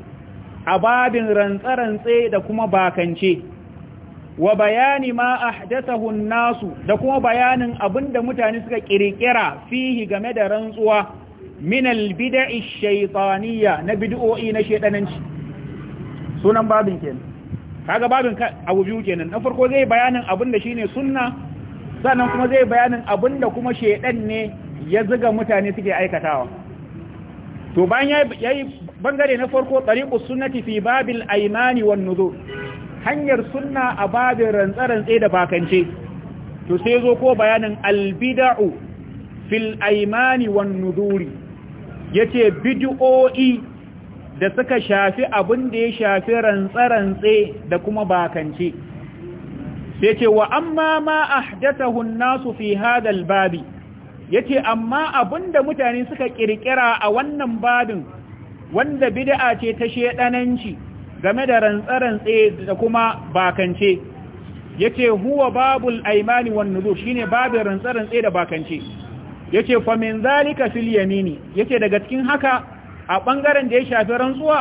a babin rantsarantse da kuma bakance wa bayani ma ahdathahu nasu da kuma bayanin abinda mutane suka kirkira fihi game da rantsuwa min albida'i shaytaniya na bid'o'i na shedananci sunan babin kenan kaga babin abu biyu kenan na farko zai bayanin abin da shine sunna sannan kuma zai bayanin abin da kuma shedan ne ya zuga mutane suke aikatawa to bayan yayi bangare na farko tariqus sunnati fi babil aymani wan nuzur hanyar sunna a babin rantsarantse da bakance to sai zo ko bayanin albida'u fil aymani wan nuzuri yace bid'o'i da suka shafi abin da ya shafi rantsarantse da kuma bakance sai ce wa amma ma ahdathahu an-nasu fi hadal al-babi yace amma abin da mutane suka kirkira a wannan babin wanda bid'a ce ta shedananci game da rantsarantse da kuma bakance yace huwa babul aymani wan nuzur shine babin rantsarantse da bakance yace fa min zalika fil yamini yace daga cikin haka a bangaren da ya shafi rantsuwa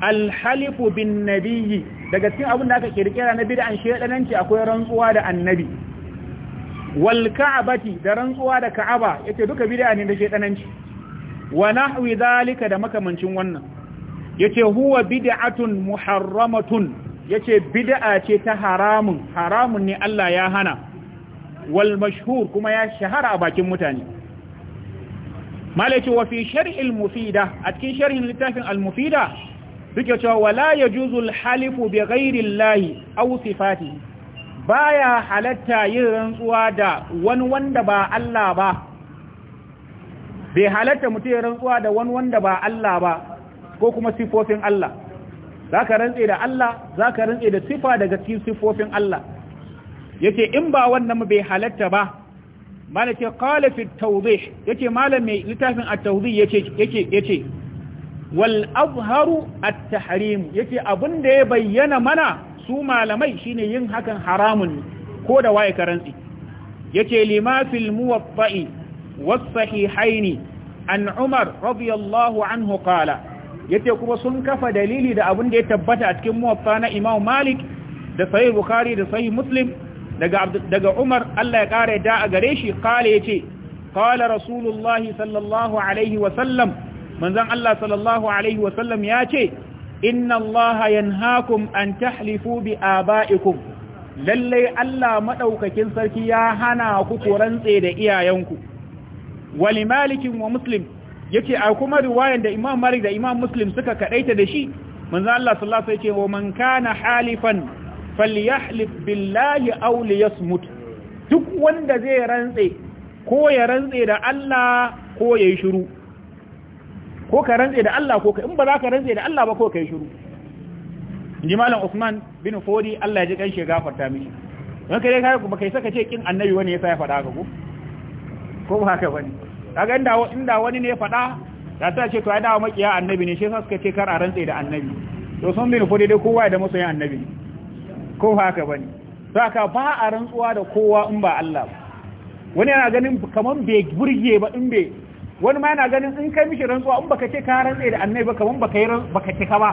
alhalifu bin nabiyyi daga cikin abin da aka kirkira na bid'an dananci akwai rantsuwa da annabi wal ka'abati da rantsuwa da ka'aba yace duka bid'a ne da shaɗananci wa nahwi zalika da makamancin wannan yace huwa bid'atun muharramatun yace bid'a ce ta haramun haramun ne Allah ya hana wal mashhur kuma ya shahara a bakin mutane malaki wa fi shar'il mufida a cikin sharhin littafin al-mufida duke cewa wala yajuzu al-halifu bi ghairi llahi aw sifatihi baya halatta yin rantsuwa da wani wanda ba Allah ba bai halatta mutum yin rantsuwa da wani wanda ba Allah ba ko kuma sifofin Allah zaka rantse da Allah zaka rantse da sifa daga cikin sifofin Allah ce in ba wannan bai halatta ba mana ce qala taube ya ce malam mai littafin a taube ya yace yace wal azharu at-tahrim yace abin da ya bayyana mana su malamai shine yin hakan haramun ko da waye karanci yace lima fil muwatta'i was an umar radiyallahu anhu ya yace kuma sun kafa dalili da abin da ya tabbata a cikin muwatta na imam malik da sahih bukhari da sahih muslim daga Umar Allah ya kare ya a gare shi ya ce qala rasulullahi sallallahu alaihi wa sallam manzon Allah sallallahu alaihi wa sallam ce inna Allah yan hakum an tahlifu bi abaikum lallai Allah maɗaukakin sarki ya hana ku rantse da iyayenku wali malikin wa muslim ce a kuma riwayan da Imam Malik da Imam Muslim suka kadaita da shi manzan Allah sallallahu alaihi wa sallam yace wa man kana halifan falyahlif billahi aw liyasmut duk wanda zai rantse ko ya rantse da Allah ko yayi shiru ko ka rantse da Allah ko ka in ba za ka rantse da Allah ba ko kai shiru inji malam Usman bin Fodi Allah ya ji kan shi gafarta mishi don kai kai ba kai saka ce kin annabi wani sa ya faɗa ka ko ko ba haka bane kaga inda inda wani ne ya faɗa da ta ce to ai da makiya annabi ne shi yasa suka ce kar a rantse da annabi to sun bin Fodi dai kowa da masoyin annabi ko haka bane saka ba a rantsuwa da kowa in ba Allah wani yana ganin kaman bai burge ba in bai wani ma yana ganin in kai mishi rantsuwa in baka ce ka rantsa da annabi ba kaman baka yi baka cika ba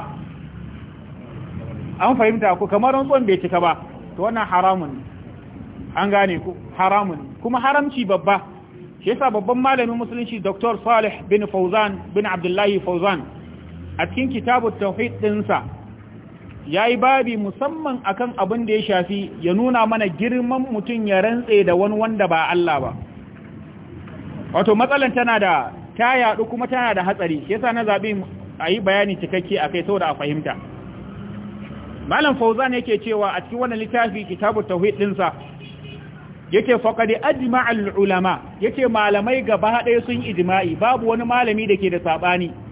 an fahimta ko kamar rantsuwan bai cika ba to wannan haramun an gane ku haramun kuma haramci babba shi yasa babban malamin musulunci Dr. Salih bin Fauzan bin Abdullahi Fauzan a cikin kitabut tauhid dinsa ya yi babi musamman akan abin da ya shafi ya nuna mana girman mutum ya rantse da wani wanda ba Allah ba wato matsalan tana da ta yaɗu kuma tana da hatsari yasa na zaɓi a yi bayani cikakke a kai saboda a fahimta malam fauzan yake cewa a cikin wannan littafi kitabu tauhid ɗinsa yake faƙadi ajma'al ulama yake malamai gaba ɗaya sun ijima'i, babu wani malami da ke da saɓani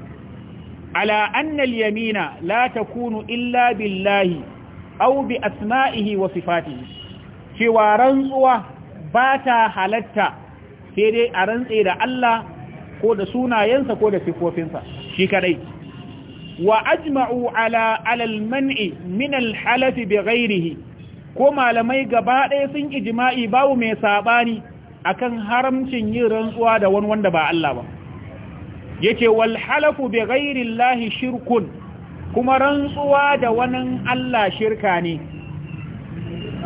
ala annal yamina la takunu illa billahi aubi bi asma'ihi wa sifatihi cewa rantsuwa ba ta halatta sai dai a rantse da Allah ko da sunayensa ko da sifofinsa shi kadai wa ajma'u ala alal min al halafi bi ko malamai gaba ɗaya sun ijma'i babu mai sabani akan haramcin yin rantsuwa da wani wanda ba Allah ba yace wal halafu bi ghairi shirkun kuma rantsuwa da wani Allah shirka ne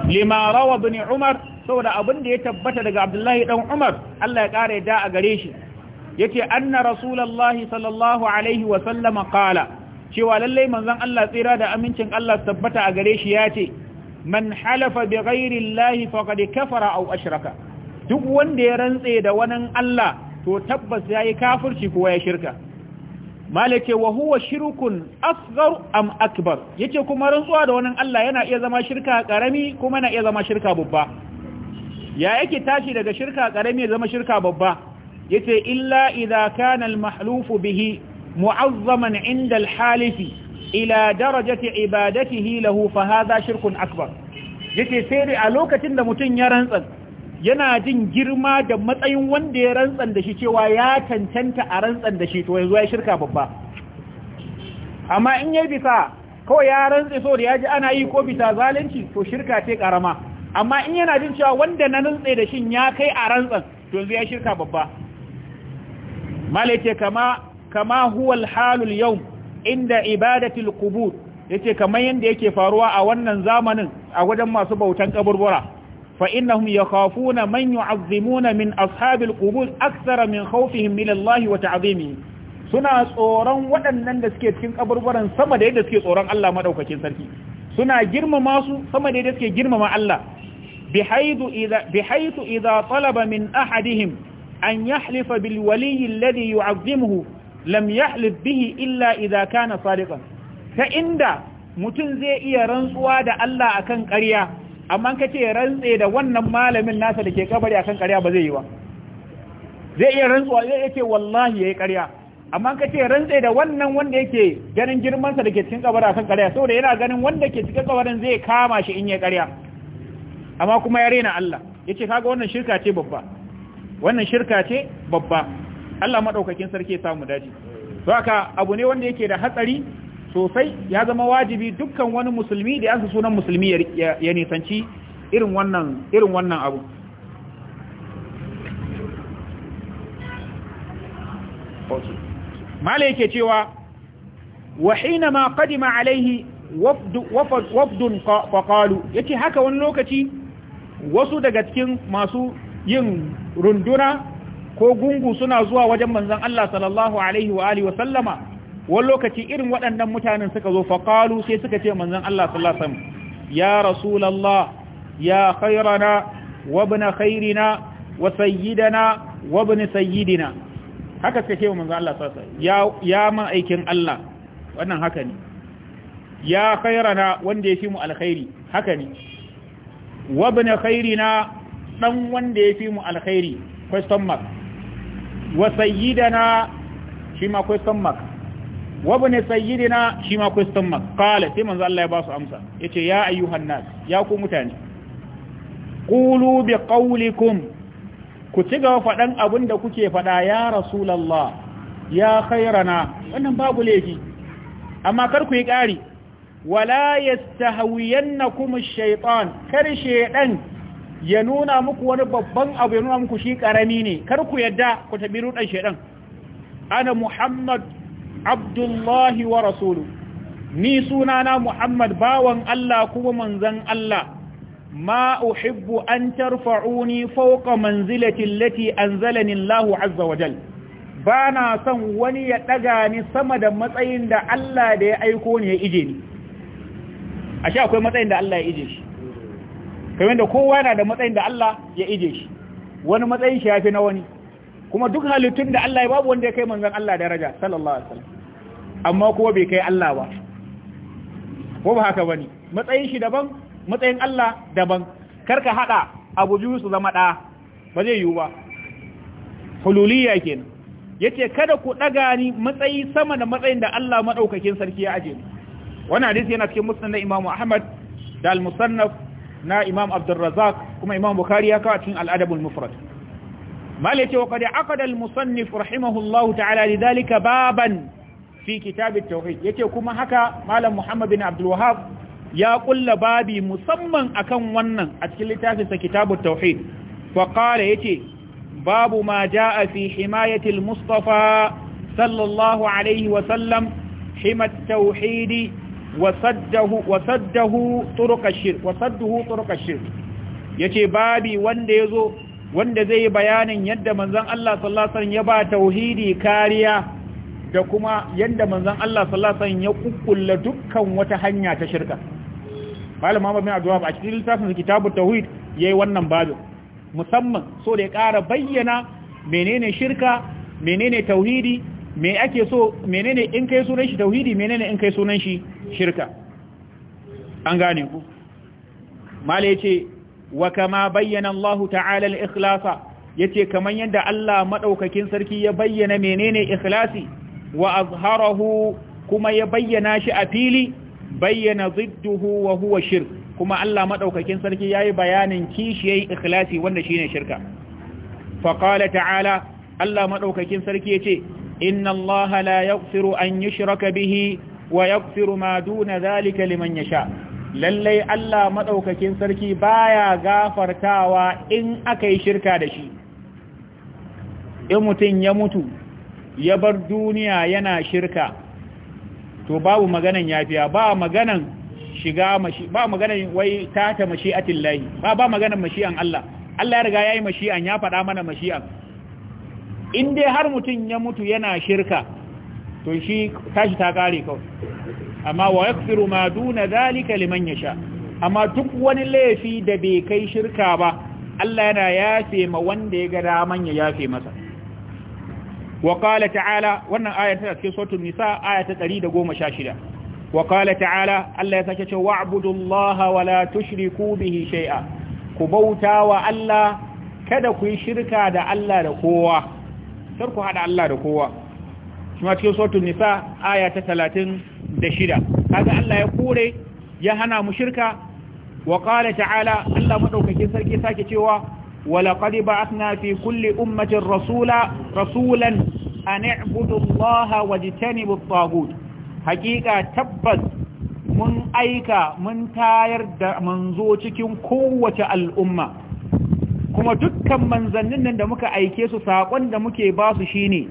lima rawa ibn Umar saboda abinda ya tabbata daga Abdullahi dan Umar Allah ya kare da a gare shi yace anna rasulullahi sallallahu alaihi wa sallam qala cewa lalle manzon Allah tsira da amincin Allah tabbata a gare shi yace man halafa bi ghairi faqad kafara aw ashraka duk wanda ya rantse da wani Allah to tabbas ya yi kafirci kuwa ya shirka malake wa huwa shirkun asghar am akbar yace kuma rantsuwa da wannan Allah yana iya zama shirka karami kuma yana iya zama shirka babba ya yake tashi daga shirka karami ya zama shirka babba yace illa idza kana al mahlufu bihi mu'azzaman inda al halifi ila darajati ibadatihi lahu fa hadha shirkun akbar yace sai a lokacin da mutun ya rantsa yana jin girma da matsayin wanda ya rantsan da shi cewa ya tantanta a rantsan da shi to yanzu ya shirka babba amma in yi bisa kawai ya rantse so da ya ji ana yi ko bisa zalunci to shirka ce karama amma in yana jin cewa wanda na rantse da shin ya kai a rantsan to yanzu ya shirka babba malaike kama kama huwal halul yau inda ibadatul qubur yace kamar yanda yake faruwa a wannan zamanin a wajen masu bautan kaburbura فإنهم يخافون من يعظمون من أصحاب القبور أكثر من خوفهم من الله وتعظيمه suna tsoron waɗannan da suke cikin kaburburan sama da yadda suke tsoron Allah madaukakin sarki suna girmama su sama da yadda suke girmama Allah bihaythu idha bihaythu talaba min ahadihim an yahlifa bil waliy alladhi yu'azzimuhu lam yahlif bihi illa idha kana sadiqan ta inda mutum zai iya rantsuwa da Allah akan ƙarya amma ka ce rantse da wannan malamin nasa da ke kabari akan ƙarya ba zai yi ba zai iya rantsuwa zai yake wallahi yayi ƙarya amma ka ce rantse da wannan wanda yake ganin girman sa da ke cikin kabari akan ƙarya saboda yana ganin wanda ke cikin kabarin zai kama shi in yayi ƙarya amma kuma ya rena Allah yace kaga wannan shirka ce babba wannan shirka ce babba Allah madaukakin sarki ya samu daji to haka abu ne wanda yake da hatsari sosai ya zama wajibi dukkan wani musulmi da yansa sunan musulmi ya nisanci irin wannan abu mala yake cewa wahina ma kadima alaihi wafdun ya ce haka wani lokaci wasu daga cikin masu yin runduna ko gungu suna zuwa wajen manzon Allah sallallahu alaihi wa wa sallama wani lokaci irin waɗannan mutanen suka zo faƙalu sai suka ce manzan Allah sallasan ya rasulallah ya khairana wabna khairina wa sayyidana wabni sayyidina haka suka ce wa manzan Allah sallasan ya ma'aikin Allah wannan haka ne ya khairana wanda ya fi mu alkhairi haka ne wabna khairina ɗan wanda ya fi mu alkhairi question mark wa sayyidana shi ma question mark wabu ne sayyidina shi ma question mark kala sai manzo Allah ya ba su amsa yace ya ayyuhan nas ya ku mutane qulu bi qawlikum ku ci gaba fadan abin da kuke fada ya rasulullah ya khairana wannan babu laifi amma kar ku yi kari wala yastahwiyannakum ash-shaytan kar shaydan ya nuna muku wani babban abu ya nuna muku shi karami ne kar ku yadda ku tabi rudan shaydan ana muhammad abdullahi wa rasulu ni suna na muhammad bawan Allah kuma manzan Allah ma uhibbu an tarfa'uni fawqa manzilati allati anzalani Allah azza wa jal bana son wani ya daga ni sama da matsayin da Allah da ya aiko ni ya ije ni ashe akwai matsayin da Allah ya ije shi kamar da kowa yana da matsayin da Allah ya ije shi wani matsayin shi yafi na wani kuma duk halittun da Allah ya babu wanda ya kai manzon Allah daraja sallallahu alaihi wasallam amma kuma bai kai Allah ba ko ba haka bane matsayin shi daban matsayin Allah daban karka hada abu biyu su zama da ba zai yiwu ba hululiyya kenan yace kada ku daga ni matsayi sama da matsayin da Allah madaukakin sarki ya aje wannan hadisi yana cikin musnad na Imam Ahmad da al-Musannaf na Imam Abdul Razzaq kuma Imam Bukhari ya kawo cikin al-Adab al-Mufrad mal yace wa qad aqada al-musannif rahimahullahu ta'ala lidhalika baban fi kitabit tauhid yace kuma haka malam Muhammad bin Abdul wahab ya kulla babi musamman akan wannan a cikin littafinsa kitabut tauhid fa qala yace babu ma jaa fi himayati al-mustafa sallallahu alaihi wa sallam himat tauhid wa saddahu wa saddahu yace babi wanda yazo wanda zai bayanin yadda manzon Allah sallallahu alaihi wasallam ya ba tauhidi kariya da kuma yadda manzan Allah sallallahu ya kukkulla dukkan wata hanya ta shirka malam Muhammad bin Abdullah a cikin littafin kitabut tauhid yayi wannan babu musamman so da ya ƙara bayyana menene shirka menene tauhidi me ake so menene in kai sunan shi tauhidi menene in kai sunan shi shirka an gane ku malai yace wa kama bayyana Allah ta'ala al-ikhlasa yace kaman yadda Allah madaukakin sarki ya bayyana menene ikhlasi wa azharahu kuma ya bayyana shi a fili bayyana zidduhu wa huwa shirk kuma Allah madaukakin sarki yayi bayanin kishiyai ikhlasi wanda shine shirka fa qala ta'ala Allah madaukakin sarki yace inna Allah la yaghfiru an yushraka bihi wa yaghfiru ma duna zalika liman yasha lallai Allah madaukakin sarki baya gafartawa in akai shirka da shi in mutun ya mutu ya bar duniya yana shirka to babu maganan yafiya ba maganan shiga mashi ba maganan wai tata mashi'atin lahi ba ba maganan mashi'an Allah Allah ya riga yayi mashi'an ya faɗa mana mashi'an in dai har mutun ya mutu yana shirka to shi tashi ta kare kawai amma wa yakfiru ma duna zalika liman yasha amma duk wani laifi da bai kai shirka ba Allah yana yafe ma wanda ya ga daman ya yafe masa wa qala ta'ala wannan aya ta cikin suratul nisa aya ta 116 wa qala ta'ala Allah ya sake cewa wa'budullaha wa la tushriku bihi shay'a ku bauta wa Allah kada ku yi shirka da Allah da kowa kar hada Allah da kowa kuma cikin suratul nisa aya ta 36 kaga Allah ya kore ya hana mu shirka wa qala ta'ala Allah madaukakin sarki sake cewa ولقد بعثنا في كل أمة رسولا رسولا أن اعبدوا الله واجتنبوا الطاغوت حقيقة تبت من أيكا من تاير منزوتكم قوة الأمة kuma dukkan manzanin da muka aike su saƙon da muke ba su shi ne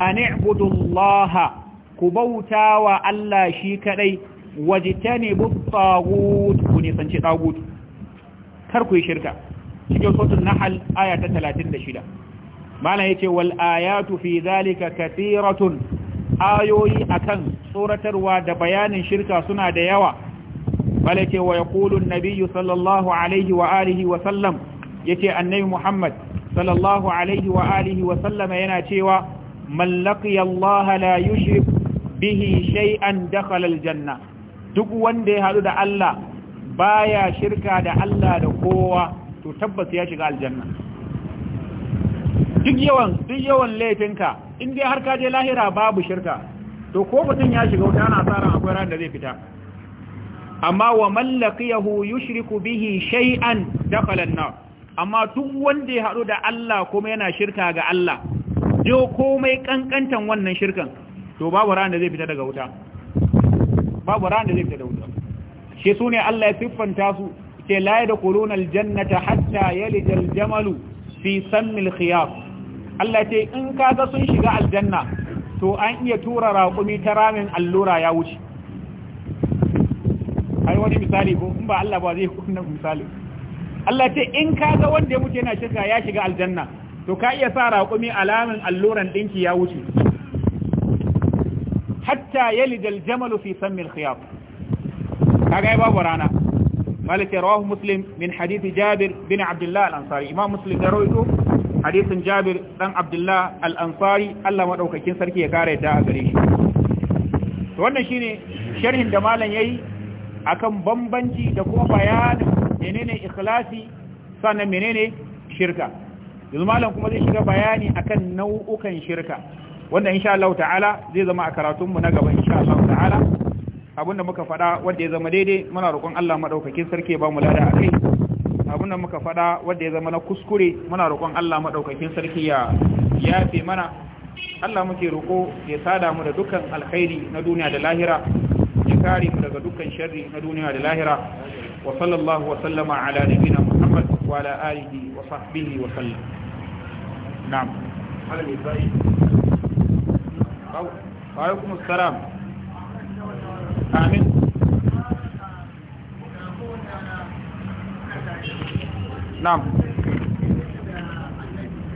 a ni'budullaha ku bauta Allah shi kaɗai wajitani bu kar ku yi shirka cikin sotun nahal aya ta shida malam yace wal ayatu fi zalika kathiratun ayoyi akan tsoratarwa da bayanin shirka suna da yawa bal ce wa yaqulu sallallahu alaihi wa alihi wa sallam ce annabi Muhammad sallallahu alaihi wa alihi wa sallam yana cewa man laqiya Allah la yushrik bihi shay'an dakhala al-janna duk wanda ya hadu da Allah baya shirka da Allah da kowa to tabbas ya shiga aljanna duk yawan duk yawan laifinka in dai har ka je lahira babu shirka to ko mutum ya shiga wuta ana tsara akwai ran da zai fita amma wa mallaqiyahu yushriku bihi shay'an dakhala an-nar amma duk wanda ya hadu da Allah kuma yana shirka ga Allah je komai kankantan wannan shirkan to babu ran da zai fita daga wuta babu ran da zai fita daga wuta shi sune Allah ya siffanta su ce la yadkhuluna aljannata hatta yalija aljamalu fi sammil khiyar Allah ce in kaga sun shiga aljanna to an iya tura raƙumi ta ramin allura ya wuce ai wani misali ko in ba Allah ba zai kunna misali Allah ce in kaga wanda ya mutu yana shiga ya shiga aljanna to ka iya sa raƙumi alamin alluran dinki ya wuce hatta yalija aljamalu fi sammil khiyar kaga babu rana malik ya rawahu muslim min hadithi jabir bin abdullah al-ansari imam muslim ya rawaito hadisin jabir dan abdullah al-ansari Allah madaukakin sarki ya kare yadda a gare shi to wannan shine sharhin da malam yayi akan bambanci da kuma bayanin menene ikhlasi sannan menene shirka yanzu malam kuma zai shiga bayani akan nau'ukan shirka wanda insha Allah ta'ala zai zama a karatunmu na gaba insha Allah ta'ala abinda muka faɗa wanda ya zama daidai muna roƙon Allah madaukakin sarki ya ba mu lada akai abinda muka faɗa wanda ya zama na kuskure muna roƙon Allah madaukakin sarki ya yafe mana Allah muke roƙo ya sada mu da dukkan alkhairi na duniya da lahira ya kare mu daga dukkan sharri na duniya da lahira wa sallallahu wa sallama ala nabiyina Muhammad wa ala alihi wa sahbihi wa sallam na'am alaikum assalam amin na'am